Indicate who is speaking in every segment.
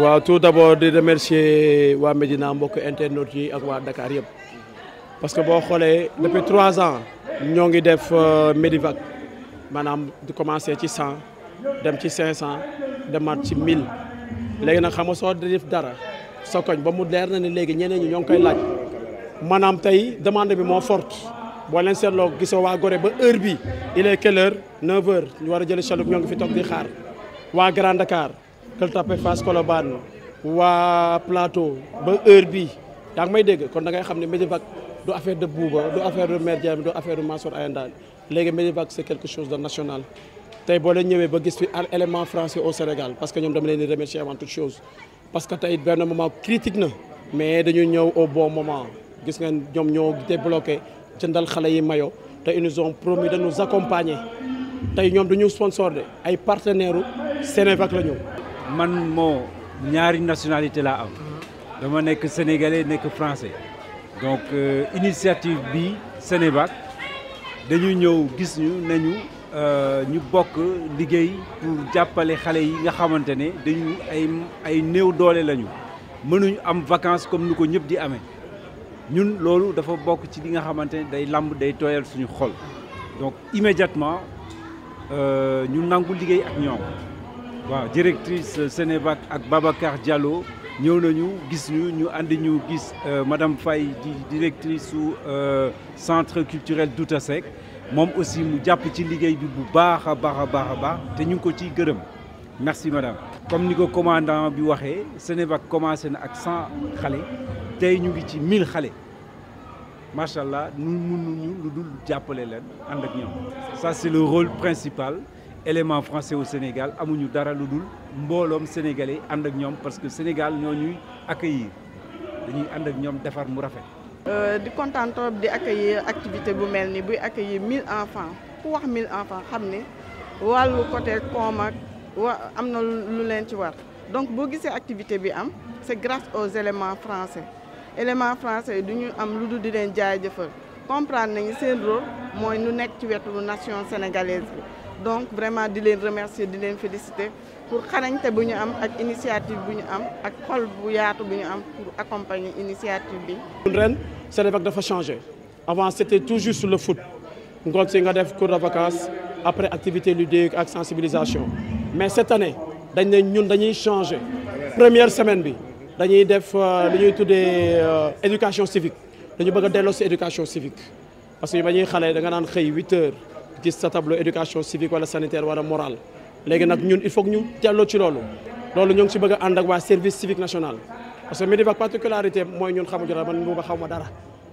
Speaker 1: waaw tout d'abord di remercier waa Médina mbokk internautes yi ak waa Dakar yëpp parce que boo xoolee depuis trois ans ñoo ngi def euh, Medivac maanaam di commencer ci cent dem ci cinq cent demaat ci mille léegi nag xam nga soo def dara sa ba mu leer na ne léegi ñeneen ñi ñoo laaj maanaam tey demande bi moo forte boo leen seetloo gisoo waa gore ba heure bi il est quelle heure neuf ñu war a jëli chaloupe ñoo ngi fi toog di xaar waa Grand Dakar Gueule Tapée Fass Colobane waa Plateau ba heure bii yaa ngi may dégg kon da ngay xam ne Medivac du affaire de Bouba du affaire de Mère Diame du affaire de Mansour Ayanda léegi Medivac c'est quelque chose de national tey boo leen ñëwee ba gis fi élément français au Sénégal parce que ñoom dama leen di remercier avant chose parce que tey benn moment critique na mais dañu ñëw au bon moment gis nga ñoom ñoo débloqué jëndal xale yi mayo te ils son pro promis de nous
Speaker 2: tey ñoom du ñu sponsor ay partenaires u Sénévac la ñëw man moo ñaari nationalité laa am dama nekk sénégalais nekk francais donc euh, initiative bi Sénébac dañu ñëw gis ñu nañu euh, ñu bokk liggéey pour jàppale xale yi nga xamante ne dañu ay néew doole lañu mënuñu am vacances comme nu ko ñëpp di amee ñun loolu dafa bokk ci li nga xamante ne day làmb day tooyal suñu xol donc immédiatement euh, ñu nangu liggéey ak ñoom waaw directrice euh, Sénévac ak Babacar Diallo ñëw nañu gis ñu ñu ànd ñu gis euh, madame Faye di directrice su euh, centre culturel Douta Seck moom aussi mu jàpp ci liggéey bi bu baax a baax a baax a baax te ñu ko ciy gërëm merci madame. comme ni ko commandant bi waxee Sénévac commencé na ak cent xale tey ñu ngi ci mille xale macha allah nu mënuñu lu dul jàppale leen ànd ak ñoom ça c'est le rôle principal. élément français au Sénégal amuñu dara lu dul mbooloom sénégalais ànd ak ñoom parce que Sénégal ñoo ñuy accueillir dañuy ànd ak ñoom defar mu rafet.
Speaker 1: Euh, di kontaan trop di accueillir activité bu mel ni buy accueillir 1000 enfants ku wax 1000 enfants xam ni wàllu côté koom ak wa am na lu leen ci war donc boo gisee activité bi am c'est grace au éléments français éléments français yi du ñu am lu dul di leen jaajëfal comprendre nañu seen rôle mooy nu nekk ci wetu nation sénégalaise donc vraiment di leen remercier di leen féliciter pour xarañte bu ñu am ak initiative bu ñu am ak xol bu yaatu bu ñu am pour accompagner initiative bi. ren Sénégal dafa changé avant c'était toujours sur le foot ngoon si nga def cours de vacances après activité ludique ak sensibilisation mais cette année dañ ne ñun dañuy changé première semaine bi dañuy def euh, li ñuy tuddee euh, éducation civique dañu bëgg a si éducation civique parce que ba ñuy xale danga naan xëy huit heures. gis sa tableau éducation civique wala sanitaire wala morale léegi nag ñun il faut ñu telloo ci loolu loolu ñoo ngi ci bëgg ànd ak waa service civique national parce que Medivac particularité mooy ñun xamuñu dara man booba xaw ma dara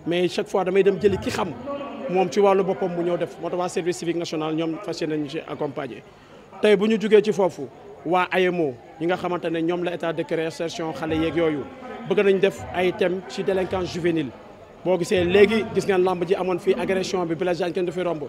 Speaker 1: mais chaque fois damay dem jëli ki xam moom ci wàllu boppam mu ñëw def moo tax waa service civique national ñoom fas yéene nañu ci tey bu ñu jugee ci foofu waa AEMO ñi nga xamante ne ñoom la état de réinsertion xale yeeg yooyu bëgg nañ def ay thème ci délinquance juvénile boo gisee léegi gis ngeen lamb ji amoon fii agression bi village kenn du fi romb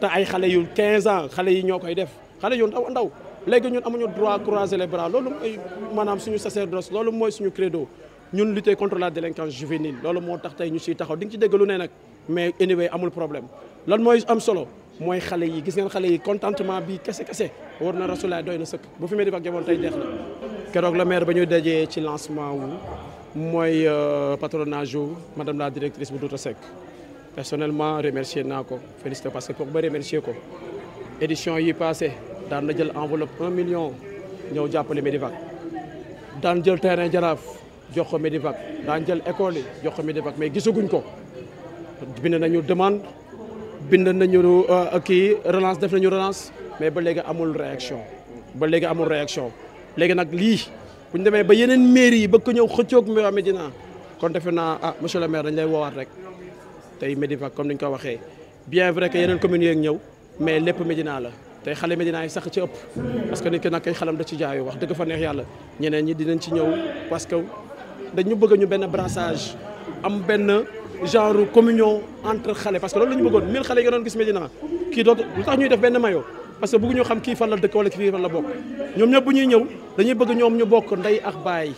Speaker 1: te ay xale yu 15 ans xale yi ñoo koy def xale yu ndaw ndaw léegi ñun amuñu droit croiser les bras loolu mooy maanaam suñu sacerdoce loolu mooy suñu credo ñun lutter contre la délinquance juvénile loolu moo tax tey ñu siy taxaw di nga ci dégg ne nag mais anyway amul problème lan mooy am solo mooy xale yi gis ngeen xale yi contentement bi kese kese war na rasulaay doy na sëkk bu fi may def ak jamono tey deex na. keroog la maire ba ñuy dajee ci lancement wu mooy euh, patronage wu madame la directrice bu Douta personnellement remercier naa ko félicité parce que pour ba remercier ko édition yi passé daan na jël enveloppe un million ñëw jàppale Medivac daan jël terrain jaraaf jox ko Medivac daan jël école yi jox ko Medivac mais gisaguñ ko bind nañu demande bind nañu euh, kii relance def nañu relance mais ba léegi amul réaction ba léegi amul réaction léegi nag lii bu ñu demee ba yeneen mairie yi bëgg ko ñëw xëccoog Médina kon defe naa ah monsieur le maire dañ lay woowaat rek tey Médina comme ni ñu ko waxee bien vrai que yeneen communes yeeg ñëw mais lépp Médina la tey xale Médina yi sax ci ëpp parce que nit ki nag kay xalam da ci jaayu wax dëgg fa neex yàlla ñeneen ñi dinañ ci ñëw parce que dañu bëgg ñu benn brassage am benn genre communion entre xale parce que loolu ñu bëgg ñoom ñu bokk ndey ak baay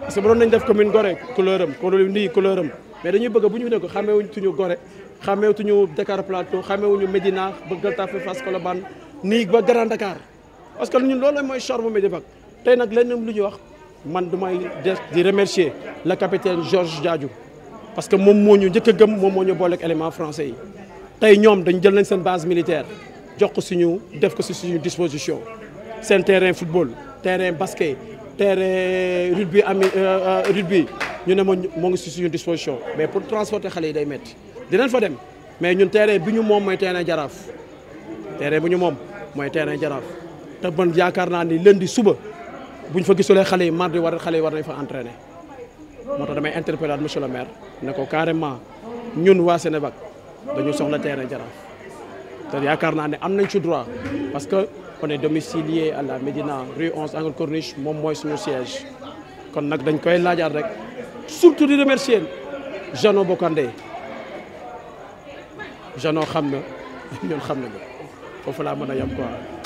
Speaker 1: parce que bu doon nañ def commune Gorée couleur am couleur am mais dañuy bëgg bu ñu fi nekk xàmmeewuñu Gorée xàmmeewuñu Dakar Plateau xàmmeewuñu Médina ba Gueule Tapée Fass Colobane nii ba Grand Dakar parce que ñu loolu mooy sor charme Medivac tey nag lenn lu ñuy wax man du may des di remercier le capitaine Georges Diadiou parce que moom moo ñu njëkk a gëm moom moo ñu booleeg élément français yi tey ñoom dañ jël nañ seen base militaire jox ko suñu def ko si suñu disposition seen terrain football terrain basket terrain rugby ami euh, euh, rugby ñu ne ma moo ngi si suñu disposition mais pour transporter xale yi day métti dinañ fa dem mais ñun terrain bi ñu moom mooy terrain jaraaf terrain bu ñu moom mooy terrain jaraaf te man yaakaar naa ni lundi suba buñ fa gisulee xale yi mardi war xale yi war nañ fa entraîner moo tax damay interpeller monsieur le maire ne ko carrément ñun waa Sénégal dañu soxla terrain jaraaf ta yaakaar naa ne am nañ ci droit parce que on est domicilié à la Médina rue 11 angle Corniche moom mooy suñu siège kon nag dañ koy laajaat rek. surtout di remercier Jeannot Bokandé Jeannot xam na ñun xam nañu foofu laa mën a yem quoi.